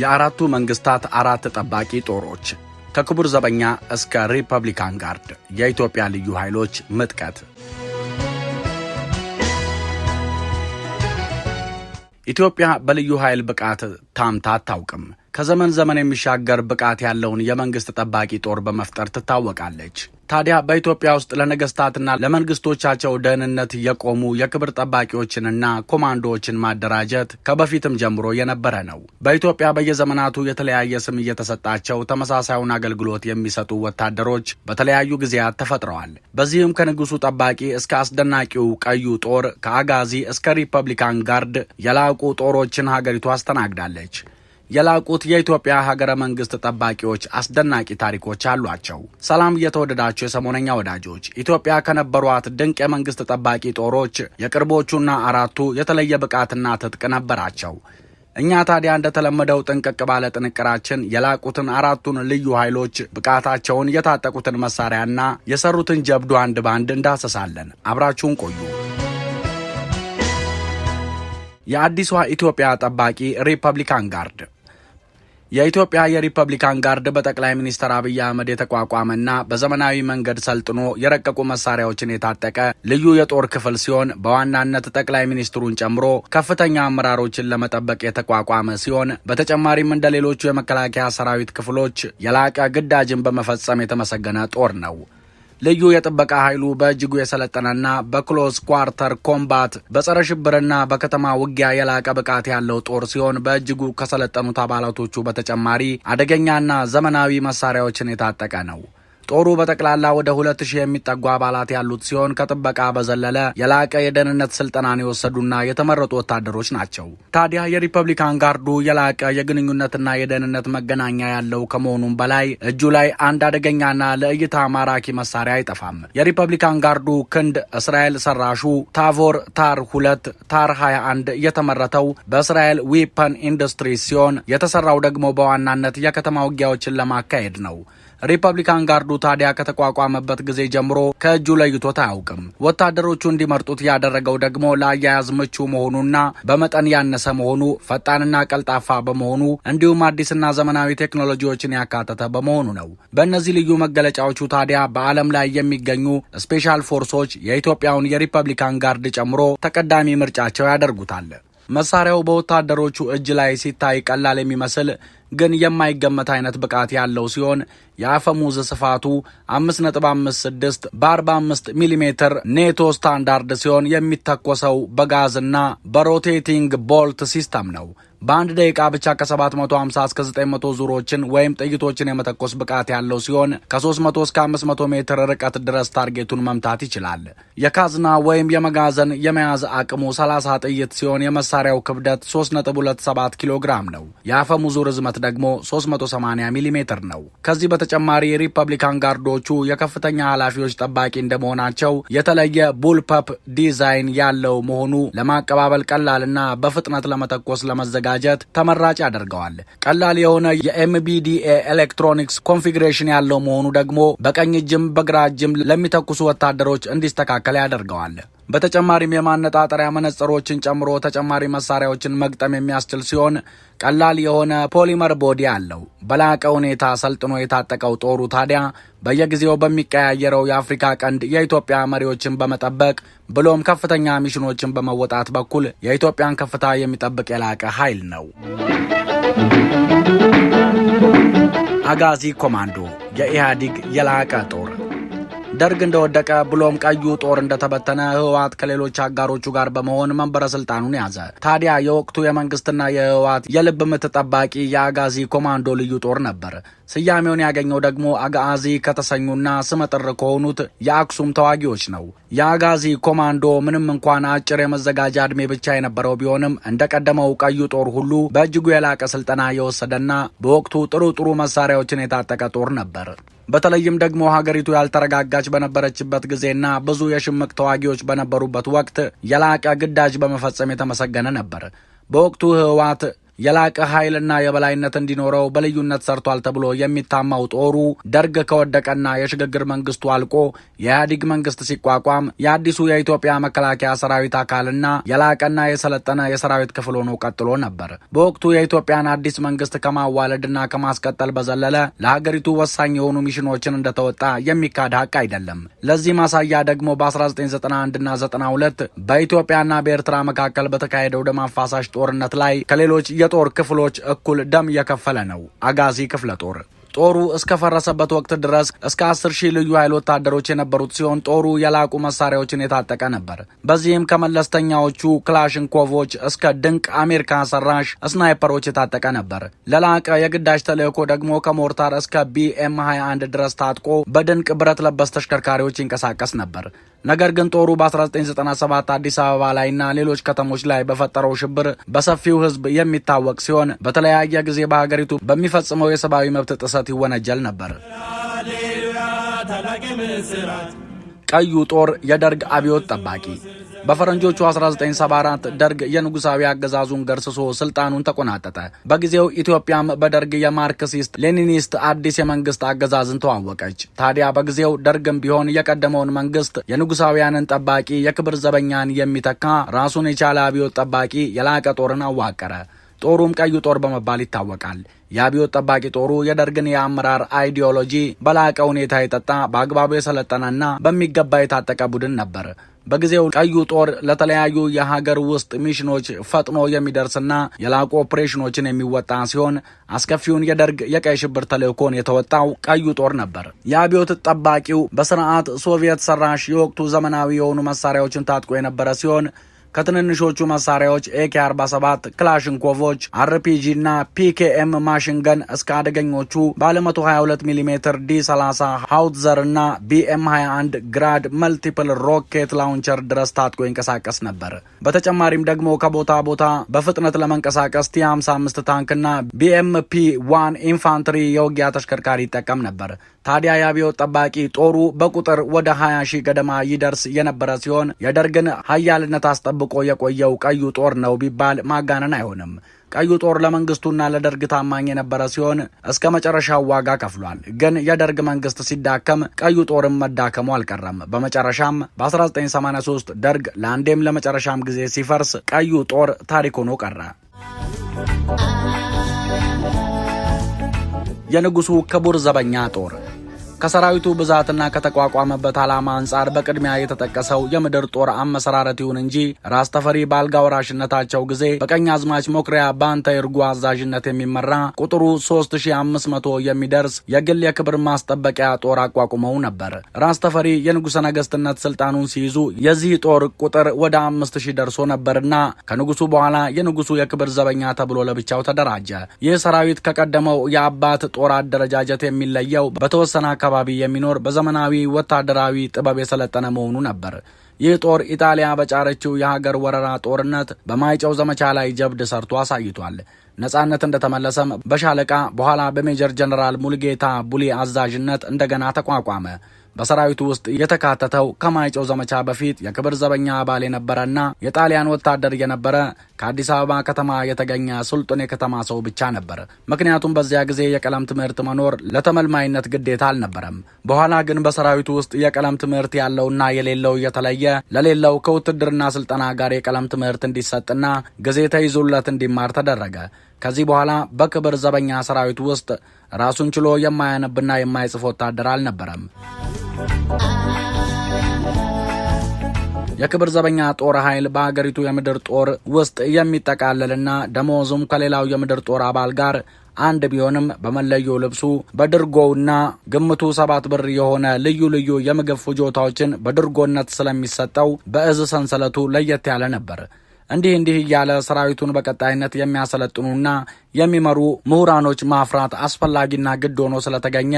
የአራቱ መንግስታት አራት ጠባቂ ጦሮች ከክቡር ዘበኛ እስከ ሪፐብሊካን ጋርድ የኢትዮጵያ ልዩ ኃይሎች ምጥቀት ኢትዮጵያ በልዩ ኃይል ብቃት ታምታ አታውቅም። ከዘመን ዘመን የሚሻገር ብቃት ያለውን የመንግስት ጠባቂ ጦር በመፍጠር ትታወቃለች። ታዲያ በኢትዮጵያ ውስጥ ለነገስታትና ለመንግስቶቻቸው ደህንነት የቆሙ የክብር ጠባቂዎችንና ኮማንዶዎችን ማደራጀት ከበፊትም ጀምሮ የነበረ ነው። በኢትዮጵያ በየዘመናቱ የተለያየ ስም እየተሰጣቸው ተመሳሳዩን አገልግሎት የሚሰጡ ወታደሮች በተለያዩ ጊዜያት ተፈጥረዋል። በዚህም ከንጉሱ ጠባቂ እስከ አስደናቂው ቀዩ ጦር፣ ከአጋዚ እስከ ሪፐብሊካን ጋርድ የላቁ ጦሮችን ሀገሪቱ አስተናግዳለች። የላቁት የኢትዮጵያ ሀገረ መንግስት ጠባቂዎች አስደናቂ ታሪኮች አሏቸው። ሰላም እየተወደዳቸው የሰሞነኛ ወዳጆች፣ ኢትዮጵያ ከነበሯት ድንቅ የመንግስት ጠባቂ ጦሮች የቅርቦቹና አራቱ የተለየ ብቃትና ትጥቅ ነበራቸው። እኛ ታዲያ እንደተለመደው ጥንቅቅ ባለ ጥንቅራችን የላቁትን አራቱን ልዩ ኃይሎች ብቃታቸውን፣ የታጠቁትን መሳሪያና የሰሩትን ጀብዱ አንድ ባንድ እንዳሰሳለን። አብራችሁን ቆዩ። የአዲሷ ኢትዮጵያ ጠባቂ ሪፐብሊካን ጋርድ የኢትዮጵያ የሪፐብሊካን ጋርድ በጠቅላይ ሚኒስትር አብይ አህመድ የተቋቋመና በዘመናዊ መንገድ ሰልጥኖ የረቀቁ መሳሪያዎችን የታጠቀ ልዩ የጦር ክፍል ሲሆን በዋናነት ጠቅላይ ሚኒስትሩን ጨምሮ ከፍተኛ አመራሮችን ለመጠበቅ የተቋቋመ ሲሆን በተጨማሪም እንደ ሌሎቹ የመከላከያ ሰራዊት ክፍሎች የላቀ ግዳጅን በመፈጸም የተመሰገነ ጦር ነው። ልዩ የጥበቃ ኃይሉ በእጅጉ የሰለጠነና በክሎዝ ኳርተር ኮምባት በጸረ ሽብርና በከተማ ውጊያ የላቀ ብቃት ያለው ጦር ሲሆን በእጅጉ ከሰለጠኑት አባላቶቹ በተጨማሪ አደገኛና ዘመናዊ መሳሪያዎችን የታጠቀ ነው። ጦሩ በጠቅላላ ወደ ሁለት ሺህ የሚጠጉ አባላት ያሉት ሲሆን ከጥበቃ በዘለለ የላቀ የደህንነት ስልጠናን የወሰዱና የተመረጡ ወታደሮች ናቸው። ታዲያ የሪፐብሊካን ጋርዱ የላቀ የግንኙነትና የደህንነት መገናኛ ያለው ከመሆኑም በላይ እጁ ላይ አንድ አደገኛና ለእይታ ማራኪ መሳሪያ አይጠፋም። የሪፐብሊካን ጋርዱ ክንድ እስራኤል ሰራሹ ታቮር ታር ሁለት ታር 21 የተመረተው በእስራኤል ዊፐን ኢንዱስትሪ ሲሆን የተሰራው ደግሞ በዋናነት የከተማ ውጊያዎችን ለማካሄድ ነው። ሪፐብሊካን ጋርዱ ታዲያ ከተቋቋመበት ጊዜ ጀምሮ ከእጁ ለይቶት አያውቅም። ወታደሮቹ እንዲመርጡት ያደረገው ደግሞ ለአያያዝ ምቹ መሆኑና በመጠን ያነሰ መሆኑ፣ ፈጣንና ቀልጣፋ በመሆኑ እንዲሁም አዲስና ዘመናዊ ቴክኖሎጂዎችን ያካተተ በመሆኑ ነው። በእነዚህ ልዩ መገለጫዎቹ ታዲያ በዓለም ላይ የሚገኙ ስፔሻል ፎርሶች የኢትዮጵያውን የሪፐብሊካን ጋርድ ጨምሮ ተቀዳሚ ምርጫቸው ያደርጉታል። መሳሪያው በወታደሮቹ እጅ ላይ ሲታይ ቀላል የሚመስል ግን የማይገመት አይነት ብቃት ያለው ሲሆን የአፈሙዝ ስፋቱ 5.56 በ45 ሚሜ ኔቶ ስታንዳርድ ሲሆን የሚተኮሰው በጋዝና በሮቴቲንግ ቦልት ሲስተም ነው። በአንድ ደቂቃ ብቻ ከ750 እስከ 900 ዙሮችን ወይም ጥይቶችን የመተኮስ ብቃት ያለው ሲሆን ከ300 እስከ 500 ሜትር ርቀት ድረስ ታርጌቱን መምታት ይችላል። የካዝና ወይም የመጋዘን የመያዝ አቅሙ 30 ጥይት ሲሆን የመሳሪያው ክብደት 3.27 ኪሎ ግራም ነው። የአፈሙዙ ርዝመት ደግሞ 380 ሚሜ ነው። ከዚህ በተጨማሪ ሪፐብሊካን ጋርዶቹ የከፍተኛ ኃላፊዎች ጠባቂ እንደመሆናቸው የተለየ ቡልፐፕ ዲዛይን ያለው መሆኑ ለማቀባበል ቀላልና በፍጥነት ለመተኮስ ለመዘጋጀት ተመራጭ ያደርገዋል። ቀላል የሆነ የኤምቢዲኤ ኤሌክትሮኒክስ ኮንፊግሬሽን ያለው መሆኑ ደግሞ በቀኝ እጅም በግራ እጅም ለሚተኩሱ ወታደሮች እንዲስተካከል ያደርገዋል። በተጨማሪም የማነጣጠሪያ መነጽሮችን ጨምሮ ተጨማሪ መሳሪያዎችን መግጠም የሚያስችል ሲሆን ቀላል የሆነ ፖሊመር ቦዲ አለው። በላቀ ሁኔታ ሰልጥኖ የታጠቀው ጦሩ ታዲያ በየጊዜው በሚቀያየረው የአፍሪካ ቀንድ የኢትዮጵያ መሪዎችን በመጠበቅ ብሎም ከፍተኛ ሚሽኖችን በመወጣት በኩል የኢትዮጵያን ከፍታ የሚጠብቅ የላቀ ኃይል ነው። አጋዚ ኮማንዶ የኢህአዲግ የላቀ ጦር ደርግ እንደወደቀ ብሎም ቀዩ ጦር እንደተበተነ ህወሓት ከሌሎች አጋሮቹ ጋር በመሆን መንበረ ስልጣኑን ያዘ። ታዲያ የወቅቱ የመንግስትና የህወሓት የልብ ምት ጠባቂ የአጋዚ ኮማንዶ ልዩ ጦር ነበር። ስያሜውን ያገኘው ደግሞ አጋዚ ከተሰኙና ስመጥር ከሆኑት የአክሱም ተዋጊዎች ነው። የአጋዚ ኮማንዶ ምንም እንኳን አጭር የመዘጋጃ ዕድሜ ብቻ የነበረው ቢሆንም እንደ ቀደመው ቀዩ ጦር ሁሉ በእጅጉ የላቀ ስልጠና የወሰደና በወቅቱ ጥሩ ጥሩ መሳሪያዎችን የታጠቀ ጦር ነበር። በተለይም ደግሞ ሀገሪቱ ያልተረጋጋች በነበረችበት ጊዜና ብዙ የሽምቅ ተዋጊዎች በነበሩበት ወቅት የላቀ ግዳጅ በመፈጸም የተመሰገነ ነበር። በወቅቱ ህወሓት የላቀ ኃይልና የበላይነት እንዲኖረው በልዩነት ሰርቷል ተብሎ የሚታማው ጦሩ ደርግ ከወደቀና የሽግግር መንግስቱ አልቆ የኢህአዲግ መንግስት ሲቋቋም የአዲሱ የኢትዮጵያ መከላከያ ሰራዊት አካልና የላቀና የሰለጠነ የሰራዊት ክፍል ሆኖ ቀጥሎ ነበር። በወቅቱ የኢትዮጵያን አዲስ መንግስት ከማዋለድና ከማስቀጠል በዘለለ ለሀገሪቱ ወሳኝ የሆኑ ሚሽኖችን እንደተወጣ የሚካድ ሀቅ አይደለም። ለዚህ ማሳያ ደግሞ በ1991ና 92 በኢትዮጵያና በኤርትራ መካከል በተካሄደው ደም አፋሳሽ ጦርነት ላይ ከሌሎች የጦር ክፍሎች እኩል ደም እየከፈለ ነው። አጋዚ ክፍለ ጦር ጦሩ እስከፈረሰበት ወቅት ድረስ እስከ አስር ሺህ ልዩ ኃይል ወታደሮች የነበሩት ሲሆን ጦሩ የላቁ መሳሪያዎችን የታጠቀ ነበር። በዚህም ከመለስተኛዎቹ ክላሽንኮቮች እስከ ድንቅ አሜሪካ ሰራሽ ስናይፐሮች የታጠቀ ነበር። ለላቀ የግዳጅ ተልእኮ ደግሞ ከሞርታር እስከ ቢኤም 21 ድረስ ታጥቆ በድንቅ ብረት ለበስ ተሽከርካሪዎች ይንቀሳቀስ ነበር። ነገር ግን ጦሩ በ1997 አዲስ አበባ ላይና ሌሎች ከተሞች ላይ በፈጠረው ሽብር በሰፊው ህዝብ የሚታወቅ ሲሆን በተለያየ ጊዜ በሀገሪቱ በሚፈጽመው የሰብአዊ መብት ጥሰት በመምራት ይወነጀል ነበር። ቀዩ ጦር የደርግ አብዮት ጠባቂ በፈረንጆቹ 1974 ደርግ የንጉሳዊ አገዛዙን ገርስሶ ስልጣኑን ተቆናጠጠ። በጊዜው ኢትዮጵያም በደርግ የማርክሲስት ሌኒኒስት አዲስ የመንግስት አገዛዝን ተዋወቀች። ታዲያ በጊዜው ደርግም ቢሆን የቀደመውን መንግስት የንጉሳውያንን ጠባቂ የክብር ዘበኛን የሚተካ ራሱን የቻለ አብዮት ጠባቂ የላቀ ጦርን አዋቀረ። ጦሩም ቀዩ ጦር በመባል ይታወቃል። የአብዮት ጠባቂ ጦሩ የደርግን የአመራር አይዲዮሎጂ በላቀ ሁኔታ የጠጣ በአግባቡ የሰለጠነና በሚገባ የታጠቀ ቡድን ነበር። በጊዜው ቀዩ ጦር ለተለያዩ የሀገር ውስጥ ሚሽኖች ፈጥኖ የሚደርስና የላቁ ኦፕሬሽኖችን የሚወጣ ሲሆን አስከፊውን የደርግ የቀይ ሽብር ተልእኮን የተወጣው ቀዩ ጦር ነበር። የአብዮት ጠባቂው በስርዓት ሶቪየት ሰራሽ የወቅቱ ዘመናዊ የሆኑ መሳሪያዎችን ታጥቆ የነበረ ሲሆን ከትንንሾቹ መሳሪያዎች ኤኬ 47 ክላሽንኮቮች፣ አርፒጂ እና ፒኬኤም ማሽንገን እስከ አደገኞቹ ባለ 122 ሚሜ ዲ 30 ሀውትዘር እና ቢኤም 21 ግራድ መልቲፕል ሮኬት ላውንቸር ድረስ ታጥቆ ይንቀሳቀስ ነበር። በተጨማሪም ደግሞ ከቦታ ቦታ በፍጥነት ለመንቀሳቀስ ቲ 55 ታንክና ቢኤምፒ ዋን ኢንፋንትሪ የውጊያ ተሽከርካሪ ይጠቀም ነበር። ታዲያ የአብዮት ጠባቂ ጦሩ በቁጥር ወደ 20 ሺህ ገደማ ይደርስ የነበረ ሲሆን የደርግን ሀያልነት አስጠ ጠብቆ የቆየው ቀዩ ጦር ነው ቢባል ማጋነን አይሆንም። ቀዩ ጦር ለመንግስቱና ለደርግ ታማኝ የነበረ ሲሆን እስከ መጨረሻው ዋጋ ከፍሏል። ግን የደርግ መንግስት ሲዳከም ቀዩ ጦርም መዳከሙ አልቀረም። በመጨረሻም በ1983 ደርግ ለአንዴም ለመጨረሻም ጊዜ ሲፈርስ ቀዩ ጦር ታሪክ ሆኖ ቀረ። የንጉሱ ክቡር ዘበኛ ጦር ከሰራዊቱ ብዛትና ከተቋቋመበት ዓላማ አንጻር በቅድሚያ የተጠቀሰው የምድር ጦር አመሰራረት ይሁን እንጂ ራስ ተፈሪ በአልጋ ወራሽነታቸው ጊዜ በቀኝ አዝማች ሞክሪያ በአንተ ይርጉ አዛዥነት የሚመራ ቁጥሩ 3500 የሚደርስ የግል የክብር ማስጠበቂያ ጦር አቋቁመው ነበር። ራስ ተፈሪ የንጉሠ ነገሥትነት ስልጣኑን ሲይዙ የዚህ ጦር ቁጥር ወደ 5000 ደርሶ ነበርና ከንጉሱ በኋላ የንጉሱ የክብር ዘበኛ ተብሎ ለብቻው ተደራጀ። ይህ ሰራዊት ከቀደመው የአባት ጦር አደረጃጀት የሚለየው በተወሰነ አካባቢ አካባቢ የሚኖር በዘመናዊ ወታደራዊ ጥበብ የሰለጠነ መሆኑ ነበር። ይህ ጦር ኢጣሊያ በጫረችው የሀገር ወረራ ጦርነት በማይጨው ዘመቻ ላይ ጀብድ ሰርቶ አሳይቷል። ነጻነት እንደተመለሰም በሻለቃ በኋላ በሜጀር ጀነራል ሙልጌታ ቡሌ አዛዥነት እንደገና ተቋቋመ። በሰራዊቱ ውስጥ የተካተተው ከማይጨው ዘመቻ በፊት የክብር ዘበኛ አባል የነበረና የጣሊያን ወታደር የነበረ ከአዲስ አበባ ከተማ የተገኘ ስልጡን የከተማ ሰው ብቻ ነበር። ምክንያቱም በዚያ ጊዜ የቀለም ትምህርት መኖር ለተመልማይነት ግዴታ አልነበረም። በኋላ ግን በሰራዊቱ ውስጥ የቀለም ትምህርት ያለውና የሌለው እየተለየ ለሌለው ከውትድርና ስልጠና ጋር የቀለም ትምህርት እንዲሰጥና ጊዜ ተይዞለት እንዲማር ተደረገ። ከዚህ በኋላ በክብር ዘበኛ ሰራዊት ውስጥ ራሱን ችሎ የማያነብና የማይጽፍ ወታደር አልነበረም። የክብር ዘበኛ ጦር ኃይል በሀገሪቱ የምድር ጦር ውስጥ የሚጠቃለልና ደሞዙም ከሌላው የምድር ጦር አባል ጋር አንድ ቢሆንም በመለዮ ልብሱ በድርጎውና ግምቱ ሰባት ብር የሆነ ልዩ ልዩ የምግብ ፍጆታዎችን በድርጎነት ስለሚሰጠው በእዝ ሰንሰለቱ ለየት ያለ ነበር። እንዲህ እንዲህ እያለ ሰራዊቱን በቀጣይነት የሚያሰለጥኑና የሚመሩ ምሁራኖች ማፍራት አስፈላጊና ግድ ሆኖ ስለተገኘ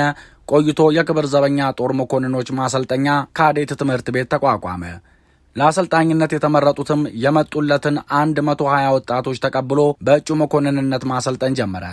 ቆይቶ የክብር ዘበኛ ጦር መኮንኖች ማሰልጠኛ ካዴት ትምህርት ቤት ተቋቋመ። ለአሰልጣኝነት የተመረጡትም የመጡለትን 120 ወጣቶች ተቀብሎ በእጩ መኮንንነት ማሰልጠን ጀመረ።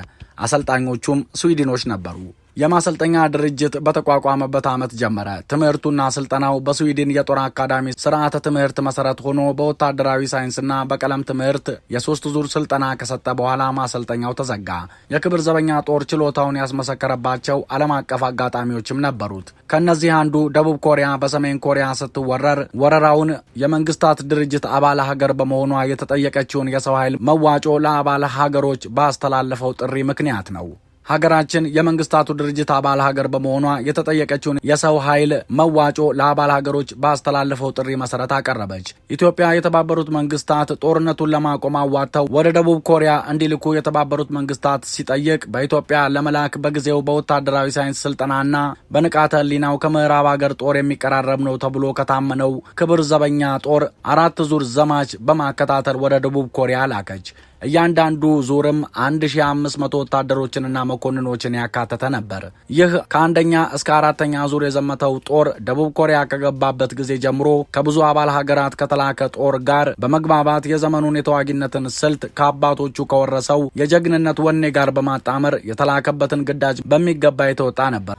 አሰልጣኞቹም ስዊድኖች ነበሩ። የማሰልጠኛ ድርጅት በተቋቋመበት ዓመት ጀመረ። ትምህርቱና ስልጠናው በስዊድን የጦር አካዳሚ ስርዓተ ትምህርት መሰረት ሆኖ በወታደራዊ ሳይንስና በቀለም ትምህርት የሶስት ዙር ስልጠና ከሰጠ በኋላ ማሰልጠኛው ተዘጋ። የክብር ዘበኛ ጦር ችሎታውን ያስመሰከረባቸው ዓለም አቀፍ አጋጣሚዎችም ነበሩት። ከእነዚህ አንዱ ደቡብ ኮሪያ በሰሜን ኮሪያ ስትወረር ወረራውን የመንግስታት ድርጅት አባል ሀገር በመሆኗ የተጠየቀችውን የሰው ኃይል መዋጮ ለአባል ሀገሮች ባስተላለፈው ጥሪ ምክንያት ነው። ሀገራችን የመንግስታቱ ድርጅት አባል ሀገር በመሆኗ የተጠየቀችውን የሰው ኃይል መዋጮ ለአባል ሀገሮች ባስተላለፈው ጥሪ መሰረት አቀረበች። ኢትዮጵያ የተባበሩት መንግስታት ጦርነቱን ለማቆም አዋጥተው ወደ ደቡብ ኮሪያ እንዲልኩ የተባበሩት መንግስታት ሲጠይቅ በኢትዮጵያ ለመላክ በጊዜው በወታደራዊ ሳይንስ ስልጠናና በንቃተ ህሊናው ከምዕራብ ሀገር ጦር የሚቀራረብ ነው ተብሎ ከታመነው ክብር ዘበኛ ጦር አራት ዙር ዘማች በማከታተል ወደ ደቡብ ኮሪያ ላከች። እያንዳንዱ ዙርም 1500 ወታደሮችንና መኮንኖችን ያካተተ ነበር። ይህ ከአንደኛ እስከ አራተኛ ዙር የዘመተው ጦር ደቡብ ኮሪያ ከገባበት ጊዜ ጀምሮ ከብዙ አባል ሀገራት ከተላከ ጦር ጋር በመግባባት የዘመኑን የተዋጊነትን ስልት ከአባቶቹ ከወረሰው የጀግንነት ወኔ ጋር በማጣመር የተላከበትን ግዳጅ በሚገባ የተወጣ ነበር።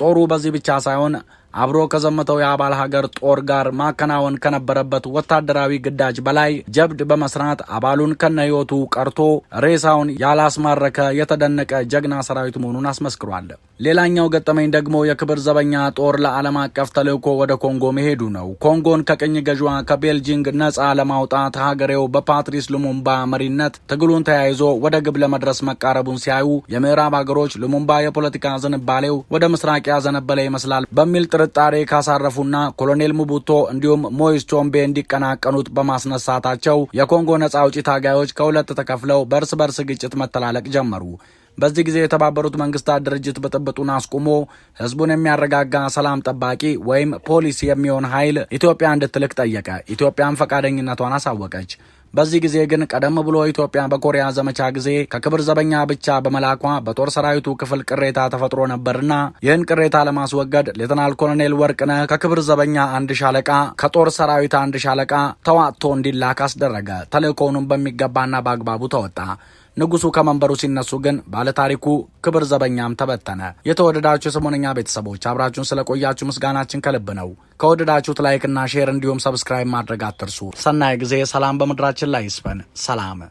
ጦሩ በዚህ ብቻ ሳይሆን አብሮ ከዘመተው የአባል ሀገር ጦር ጋር ማከናወን ከነበረበት ወታደራዊ ግዳጅ በላይ ጀብድ በመስራት አባሉን ከነ ህይወቱ ቀርቶ ሬሳውን ያላስማረከ የተደነቀ ጀግና ሰራዊት መሆኑን አስመስክሯል። ሌላኛው ገጠመኝ ደግሞ የክብር ዘበኛ ጦር ለዓለም አቀፍ ተልዕኮ ወደ ኮንጎ መሄዱ ነው። ኮንጎን ከቅኝ ገዥዋ ከቤልጂንግ ነፃ ለማውጣት ሀገሬው በፓትሪስ ሉሙምባ መሪነት ትግሉን ተያይዞ ወደ ግብ ለመድረስ መቃረቡን ሲያዩ የምዕራብ ሀገሮች ሉሙምባ የፖለቲካ ዝንባሌው ወደ ምስራቅ ያዘነበለ ይመስላል በሚል ጥር ጥርጣሬ ካሳረፉና ኮሎኔል ሙቡቶ እንዲሁም ሞይስ ቾምቤ እንዲቀናቀኑት በማስነሳታቸው የኮንጎ ነጻ አውጪ ታጋዮች ከሁለት ተከፍለው በእርስ በርስ ግጭት መተላለቅ ጀመሩ። በዚህ ጊዜ የተባበሩት መንግስታት ድርጅት ብጥብጡን አስቁሞ ህዝቡን የሚያረጋጋ ሰላም ጠባቂ ወይም ፖሊስ የሚሆን ኃይል ኢትዮጵያ እንድትልክ ጠየቀ። ኢትዮጵያም ፈቃደኝነቷን አሳወቀች። በዚህ ጊዜ ግን ቀደም ብሎ ኢትዮጵያ በኮሪያ ዘመቻ ጊዜ ከክብር ዘበኛ ብቻ በመላኳ በጦር ሰራዊቱ ክፍል ቅሬታ ተፈጥሮ ነበርና ይህን ቅሬታ ለማስወገድ ሌተናል ኮሎኔል ወርቅነህ ከክብር ዘበኛ አንድ ሻለቃ ከጦር ሰራዊት አንድ ሻለቃ ተዋጥቶ እንዲላክ አስደረገ። ተልእኮውንም በሚገባና በአግባቡ ተወጣ። ንጉሱ ከመንበሩ ሲነሱ ግን ባለታሪኩ ክብር ዘበኛም ተበተነ። የተወደዳችሁ የሰሞነኛ ቤተሰቦች አብራችሁን ስለቆያችሁ ምስጋናችን ከልብ ነው። ከወደዳችሁት ላይክና ሼር እንዲሁም ሰብስክራይብ ማድረግ አትርሱ። ሰናይ ጊዜ። ሰላም በምድራችን ላይ ይስፈን። ሰላም